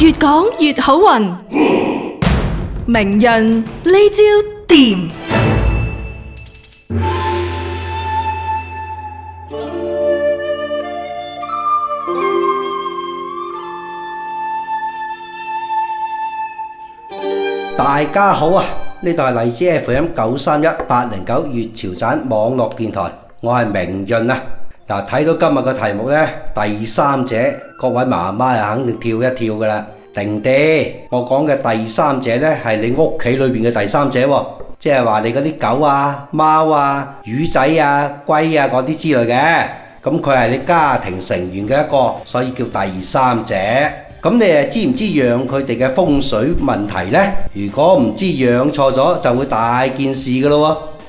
越講越好運，明潤呢招掂。大家好啊，呢度係荔枝 FM 九三一八零九粵潮站網絡電台，我係明潤啊。嗱，睇到今日嘅題目呢，第三者各位媽媽肯定跳一跳噶啦，定啲，我講嘅第三者呢，係你屋企裏面嘅第三者，即係話你嗰啲狗啊、貓啊、魚仔啊、龜啊嗰啲之類嘅，咁佢係你家庭成員嘅一個，所以叫第三者。咁你知唔知道養佢哋嘅風水問題呢？如果唔知道養錯咗，就會大件事噶咯。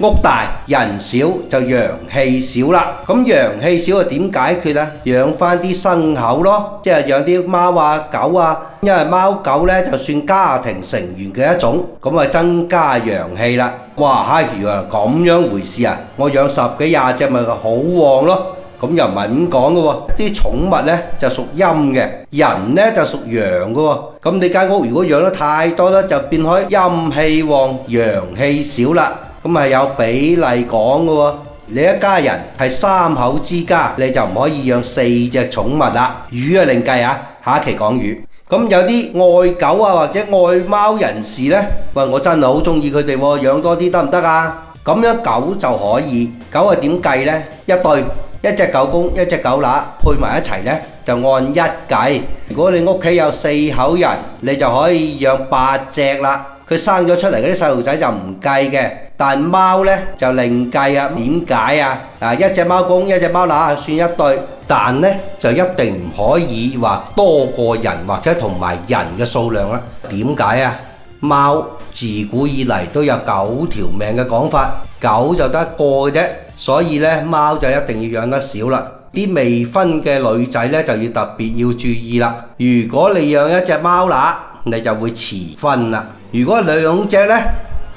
屋大人少就陽氣少啦，咁陽氣少啊點解決啊？養翻啲牲口咯，即係養啲貓啊狗啊，因為貓狗咧就算家庭成員嘅一種，咁咪增加陽氣啦。哇，嗨原來咁樣回事啊！我養十幾廿隻咪好旺咯？咁又唔係咁講噶，啲寵物咧就屬陰嘅，人咧就屬陽噶。咁你間屋如果養得太多啦，就變開陰氣旺，陽氣少啦。咁係有比例講嘅喎，你一家人係三口之家，你就唔可以養四隻寵物啦。魚啊另計啊，下一期講魚。咁有啲愛狗啊或者愛貓人士咧，喂，我真係好中意佢哋，養多啲得唔得啊？咁樣狗就可以，狗係點計咧？一對一隻狗公一隻狗乸配埋一齊咧，就按一計。如果你屋企有四口人，你就可以養八隻啦。佢生咗出嚟嗰啲細路仔就唔計嘅，但係貓咧就另計啊！點解啊？啊，一隻貓公一隻貓乸算一對，但咧就一定唔可以話多過人或者同埋人嘅數量啦。點解啊？貓自古以嚟都有九條命嘅講法，狗就得一個啫，所以咧貓就一定要養得少啦。啲未婚嘅女仔咧就要特別要注意啦。如果你養一隻貓乸，你就會遲婚啦。如果兩隻咧，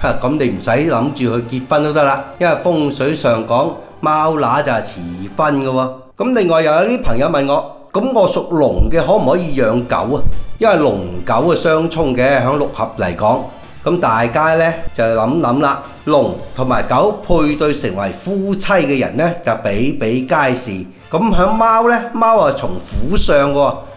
咁你唔使諗住去結婚都得啦，因為風水上講，貓乸就係遲婚嘅喎。咁另外又有啲朋友問我，咁我屬龍嘅可唔可以養狗啊？因為龍狗係相衝嘅，響六合嚟講，咁大家咧就諗諗啦。龍同埋狗配對成為夫妻嘅人咧就比比皆是。咁響貓咧，貓係從虎上嘅。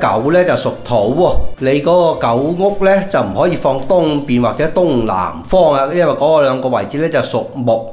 狗呢就屬土喎，你嗰個狗屋呢就唔可以放東邊或者東南方啊，因為嗰兩個位置呢就屬木。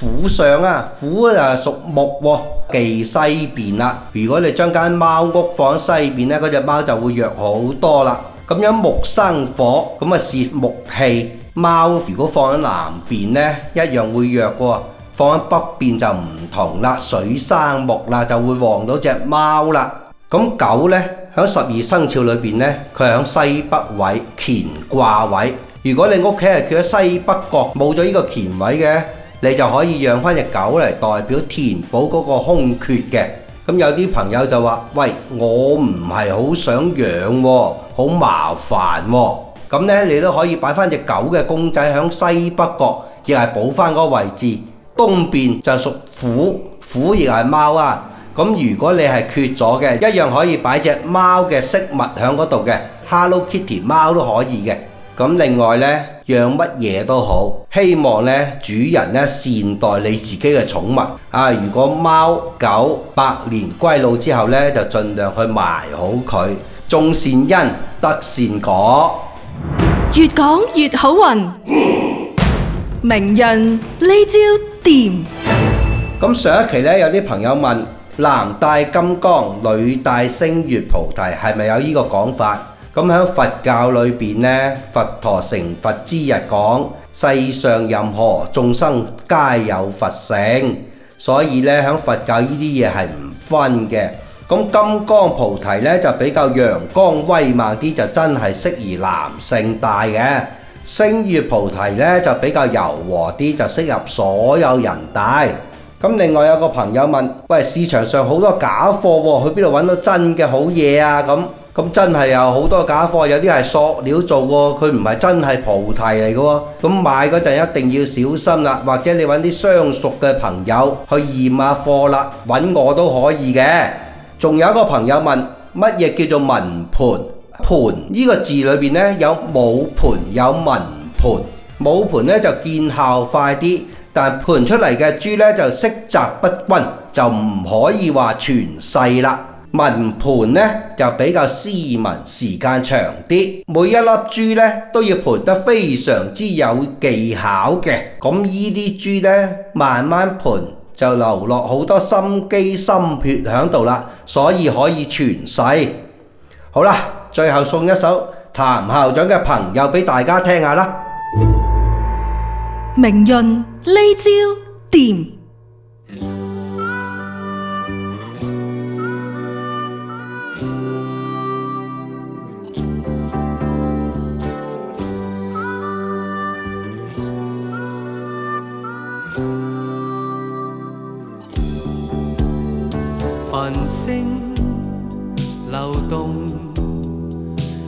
虎上啊，虎就屬木喎，忌西邊啦啊。如果你將間貓屋放喺西邊呢，嗰隻貓就會弱好多啦。咁樣木生火，咁咪泄木氣。貓如果放喺南邊呢，一樣會弱嘅。放喺北邊就唔同啦，水生木啦，就會旺到隻貓啦。咁狗呢，響十二生肖裏邊呢，佢響西北位乾卦位。如果你屋企係住喺西北角，冇咗呢個乾位嘅。你就可以養返隻狗嚟代表填補嗰個空缺嘅。咁有啲朋友就話：「喂，我唔係好想養喎，好麻煩喎。咁咧，你都可以擺返隻狗嘅公仔喺西北角，亦係補返嗰個位置。東邊就屬虎，虎亦係貓啊。咁如果你係缺咗嘅，一樣可以擺隻貓嘅飾物喺嗰度嘅，Hello Kitty 貓都可以嘅。咁另外咧，養乜嘢都好，希望咧主人咧善待你自己嘅寵物啊！如果貓狗百年歸老之後咧，就盡量去埋好佢，種善因得善果，越講越好運，名人呢招掂。咁上一期咧，有啲朋友問：男戴金剛，女戴星月菩提，係咪有呢個講法？咁喺佛教裏邊咧，佛陀成佛之日講，世上任何眾生皆有佛性，所以咧喺佛教呢啲嘢係唔分嘅。咁金剛菩提咧就比較陽光威猛啲，就真係適宜男性戴嘅；星月菩提咧就比較柔和啲，就適合所有人戴。咁另外有個朋友問：喂，市場上好多假貨，去邊度搵到真嘅好嘢啊？咁咁真係有好多假貨，有啲係塑料做喎，佢唔係真係菩提嚟㗎喎。咁買嗰陣一定要小心啦，或者你搵啲相熟嘅朋友去驗下貨啦，搵我都可以嘅。仲有一個朋友問：乜嘢叫做文盤？盤呢個字裏面呢，有武盤有文盤，武盤呢，就見效快啲，但盤出嚟嘅珠呢，就色澤不均，就唔可以話全世啦。文盤呢就比較斯文，時間長啲，每一粒珠呢都要盤得非常之有技巧嘅。咁呢啲珠呢，慢慢盤就流落好多心機心血喺度啦，所以可以傳世。好啦，最後送一首譚校長嘅朋友俾大家聽下啦。明潤呢招掂。